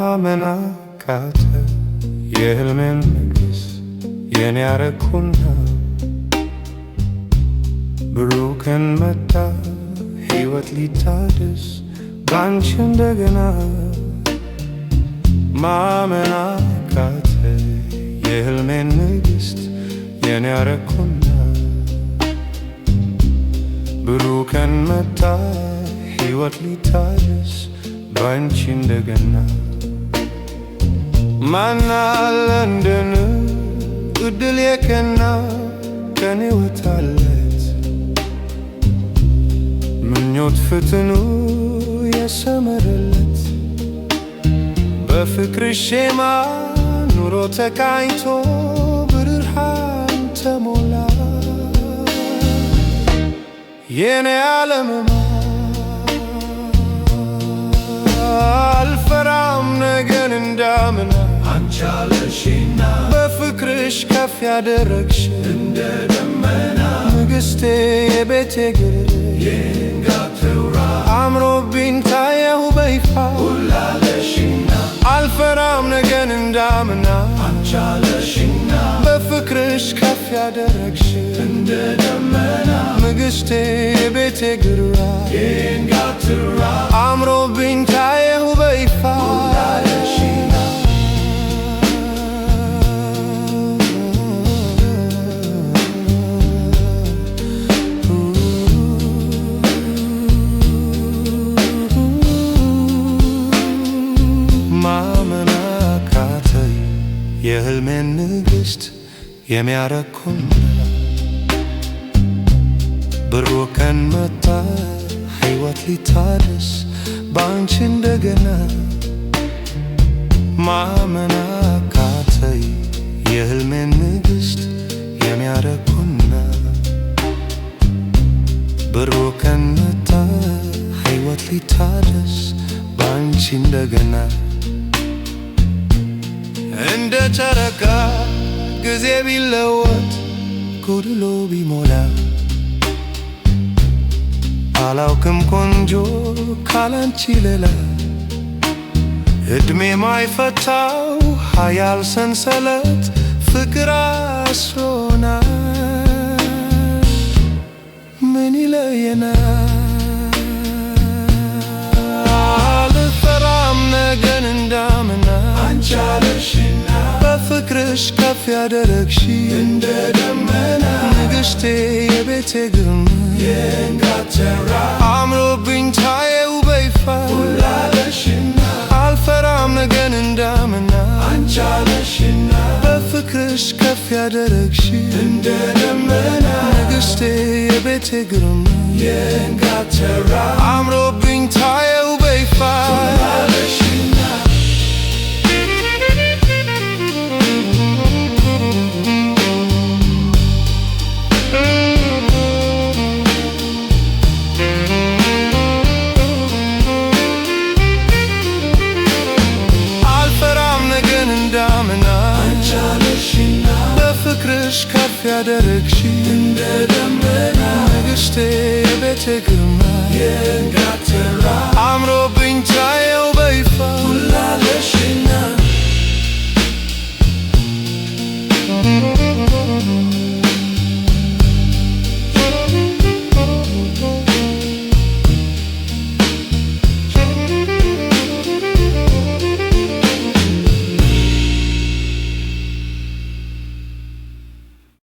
ማመን አቃተ የህልሜን ንግሥ የኔ ያረኩና ብሩክን መጣ ሕይወት ሊታደስ ባንቺ እንደገና ማመን አቃተ የህልሜን ንግሥት የኔ ያረኩና ብሩክን መጣ ሕይወት ሊታደስ ባንቺ እንደገና ማናለ እንደን እድል የከና ቀን ይወጣለት ምኞት ፍትኑ የሰመረለት በፍቅር ሼማ ኑሮ ተቃኝቶ ብርሃን ተሞላ የኔ ዓለምማ ቻለሽና በፍቅርሽ ከፍ ያደረግሽ እንደ ደመና ንግሥቴ የቤቴ ግርግር የንጋ ትውራ አምሮብኝ ታየሁ በይፋ ሁላለሽና አልፈራም ነገን እንዳምና አንቻለሽና በፍቅርሽ ከፍ ያደረግሽ እንደ ደመና ንግሥቴ የቤቴ ግርግር የንጋ ትውራ አምሮብኝ ታየ የህልሜን ንግሥት የሚያረኩም ብሩ ቀን መጣ ሕይወት ሊታደስ በአንቺ እንደገና ማመን አቃተኝ የህልሜን ንግሥት የሚያረኩና ብሩ ቀን መጣ ሕይወት ሊታደስ በአንቺ እንደገና እንደ ጨረቃ ጊዜ ቢለወጥ ጎድሎ ቢሞላ አላውቅም ቆንጆ ካላንቺ ሌላ እድሜ ማይፈታው ሀያል ሰንሰለት ፍቅር አስሮናል ምን ይለየናል? የቤቴ ግርማ የእንጋትራ አምሮብኝ ታየው በይፋ ሁላለሽና አልፈራም ነገን እንዳምና አንቻለሽና በፍቅርሽ ከፍ ያደረግሽ እንደ ደመና ንግሥቴ የቤቴ ግርማ አምሮብኝ ታየው በይፋ ክብርሽ ከፍ ያደረግሽ እንደ ደመና ንግሥቴ የቤቴ ግርማ